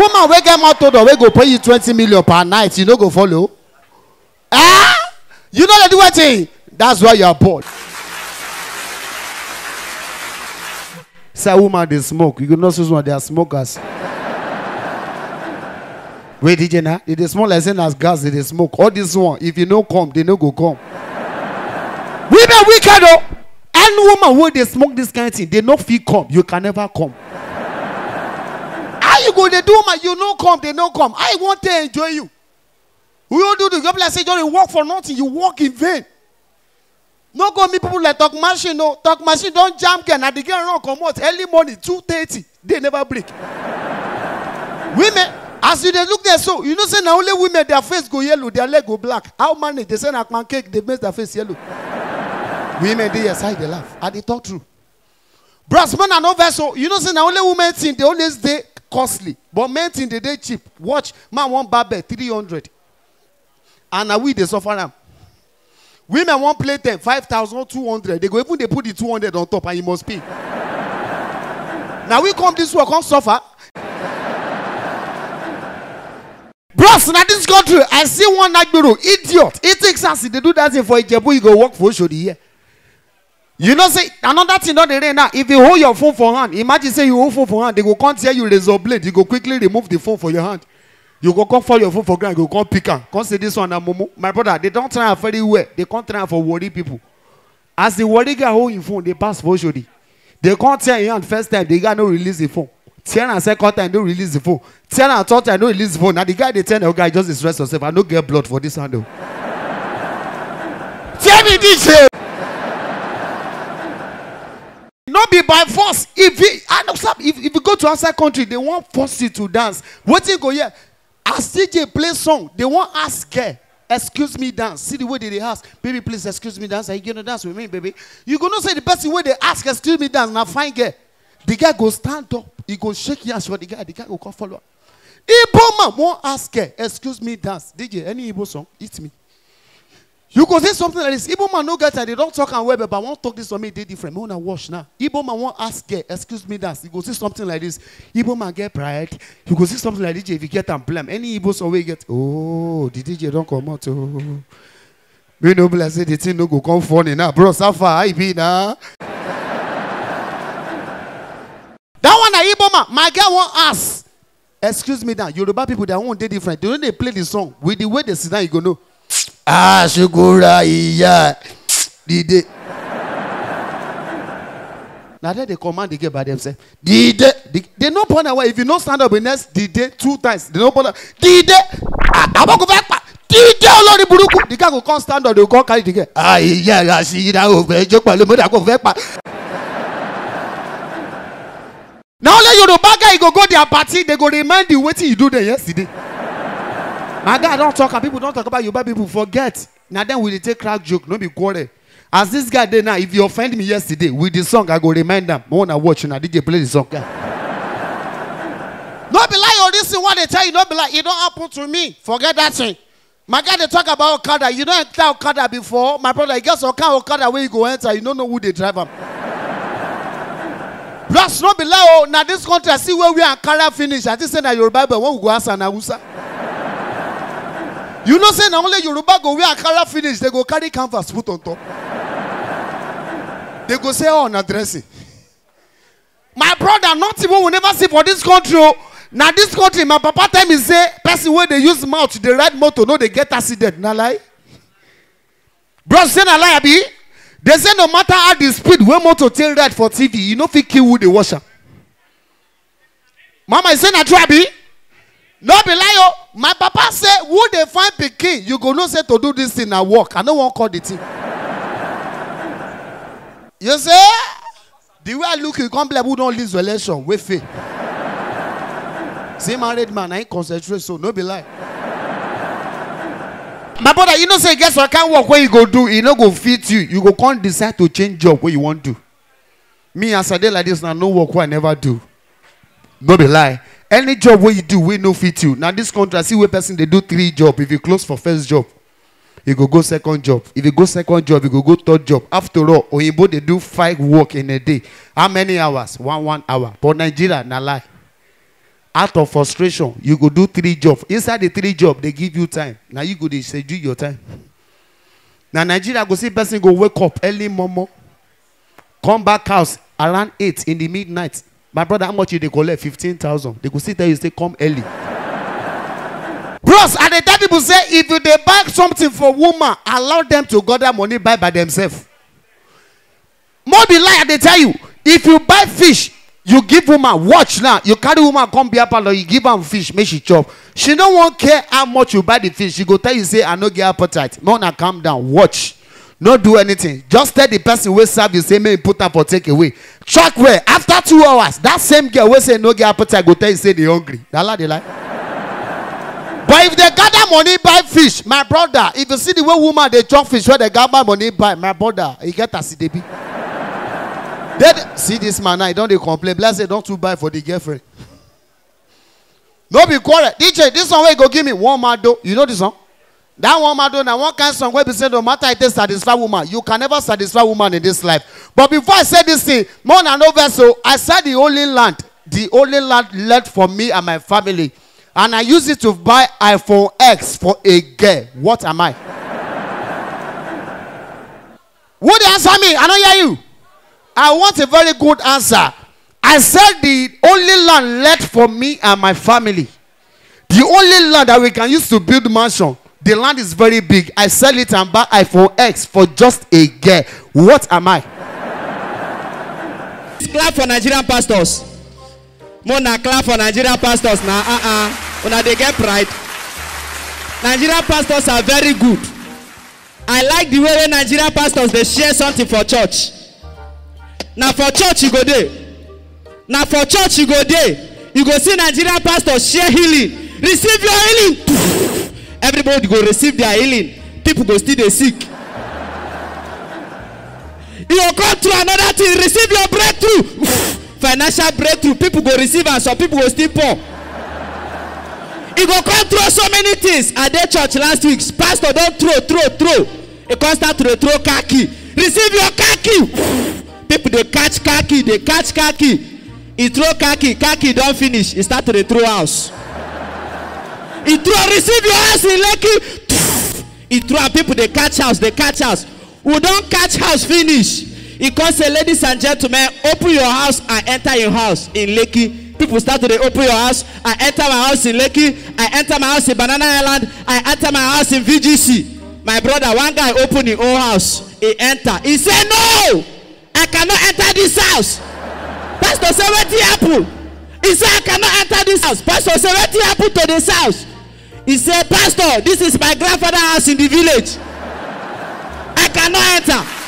woman wey get mouth odor wey go pay you twenty million per night you no go follow Ah! you no dey do wetin that's why you are bored. say woman dey smoke you go know one. They are smokers. wey dj na e dey smell like say na gas dey dey smoke all this one if you no come they no go come. women wicked though. any woman wey dey smoke this kind of thing they no fit come you can never come. go, they do my, you no come, they no come. I want to enjoy you. We do do the job like say, you work for nothing, you work in vain. No go meet people like talk machine, no. Talk machine don't jam can and the girl run come out early morning, 2.30. They never break. women, as you they look there, so you know say now only women, their face go yellow, their leg go black. How many? They say like cake, they make their face yellow. women they aside they laugh. And they talk true. Brass man and no so You know say now only women think they always they costly but men thing dey dey cheap watch man wan barbell three hundred and na we dey suffer am women wan play ten five thousand two hundred they go even dey put the two hundred on top and you must pay na we come this work, come suffer. bros na dis country i see one agbero idiot he thinks as he dey do that thing for ijebu he go work for oshodi here. You know, say another thing not the rain now. If you hold your phone for hand, imagine say you hold phone for hand, they will come tear you razor blade. You go quickly remove the phone for your hand. You go come fall your phone for ground. You go come pick am. Come say this one, Momo. My brother, they don't try very well. They can't try for worry people. As the worry guy hold him phone, they pass for sure. They can't tear him hand first time. The guy no release the phone. Tear and second time, no release the phone. Tear and third time, no release the phone. Now the guy they tell the guy just distress yourself. I no get blood for this handle. Oh. Tear eh? the DJ. course if you, i know stop if, if you go to outside country they wan force you to dance What you go here? as dj play song they wan ask her excuse me dance see the way they ask baby please excuse me dance are you gonna dance with me baby you go say the person way they ask excuse me dance Now fine girl the guy go stand up he go shake hands for the guy the guy go come follow am igbo man wan ask her excuse me dance dj any igbo song hit me You go say something like this. Igbo man no get I They don't talk and web, but I want talk this for me. They different. I want to wash now. Igbo man won't ask get. Excuse me, that. You go say something like this. Igbo man get pride. You go say something like this. If you get and blame any Igbo somewhere get. Oh, the DJ don't come out. Oh, me no bless it. The thing no go come funny now, bro. So far I be now. that one a Igbo man. My girl won't ask. Excuse me, that Yoruba people they won't they different. They don't play the song with the way they sit down. You go know asukura iya dìde. na there they command the girl by themselves dìde they no born away if you no stand up in next dìde two times they no born away dìde àbọ̀kù fẹ́ pa dìde olórí buruku. the guy go come stand up they go carry the girl. àyè àṣìyíra òfin ẹjọ́ pẹ̀lú mọ́tò àkókò fẹ́ pa. na only yoruba guy go go their party they go remind you wetin you do there yesterday my guy don't talk and people don't talk about yoruba people forget Now then, we dey take crack joke no be quarrel as this guy there now if you offend me yesterday with the song i go remind am when i watch Now did dj play the song. no be lie or oh, is what they tell you no be lie It don't happen to me forget that thing my guy they talk about okada you don't enter okada before my brother e get some kind of okada wey you go enter you don't know who they drive him. plus no be lie o oh, na this contest see where we and carry finish i just say that your Bible won't go answer. am na hausa you know say na only yoruba go wear akara finish they go carry canvas put on top they go say oh na dressing my brother not even will never see for this country o oh. na this country my papa tell me say person where they use mouth they ride motor no they get accident na lie bros say na lie abi they say no matter how the speed where motor take ride for tv you no know, fit kill who dey wash am mama you say na true abi no be lie o oh. my papa say who dey find pikin you go know say to do this thing na work i no wan call the thing you say the way i look you come be like who don lose your election wey fail see married man na him concentrate so no be lie my brother you know say you get some kind work wey you go do e no go fit you you go come decide to change job wey you wan do me as i dey like this na no work wey i never do no be lie any job wey you do wey no fit you na this contract see wey person dey do three job if you close for first job you go go second job if you go second job you go go third job after all oyinbo dey do five work in a day how many hours one one hour but nigeria na lie out of frustration you go do three job inside the three job dey give you time na you go dey schedule your time na nigeria go see person go wake up early momo come back house around eight in the midnight my brother how much you dey collect fifteen thousand they go sit there. you say come early bros And dey tell people say if you dey buy something for woman allow them to go gather money buy by themselves more the lie they tell you if you buy fish you give woman watch now you carry woman come be up and you give her fish make she chop she no want care how much you buy the fish she go tell you say i no get appetite make una calm down watch Not do anything. Just tell the person who serve you, say, may put up or take away. Truck where after two hours, that same girl will say, No girl appetite, go tell you, say, they hungry. That lie, they lie. but if they gather money, buy fish, my brother, if you see the way woman they truck fish where they gather money, buy, my brother, he get a CDB. Then see this man now, he don't complain. complain. Blessed, don't too buy for the girlfriend. No be quiet. DJ, this one you go give me one though. You know this one? That one, Madonna, one kind of song where we say, no matter it is satisfy woman, you can never satisfy woman in this life. But before I say this thing, more than no vessel, I sell the only land, the only land left for me and my family. And I use it to buy iPhone X for a girl. What am I? Would you answer me? I don't hear you. I want a very good answer. I sell the only land left for me and my family. The only land that we can use to build mansion The land is very big. I sell it and buy iPhone X for just a girl. What am I? It's clap for Nigerian pastors. More na clap for Nigerian pastors na uh-uh. Una dey get pride. Nigerian pastors are very good. I like the way wey Nigerian pastors dey share something for church. Na for church you go dey. Na for church you go dey. You go see Nigerian pastors share healing. Receive your healing everybody go receive their healing people go still dey sick you go come through another thing receive your breakthrough financial breakthrough people go receive and some people go still poor e go come throw so many things i dey church last week pastor don throw throw throw e come start to dey throw car key receive your car key people dey catch car key dey catch car key e throw car key car key don finish e start to dey throw house e throw receive your house in lekki e throw am people dey catch house dey catch house we don catch house finish e come say ladies and gentlemen open your house and enter your house in lekki people start to dey open your house i enter my house in lekki i enter my house in banana island i enter my house in vgc my brother one guy open him own house he enter he say no i cannot enter this house pastor say wetin happen he say i cannot enter this house pastor say wetin happen to this house He said, Pastor, this is my grandfather' house in the village. I cannot enter.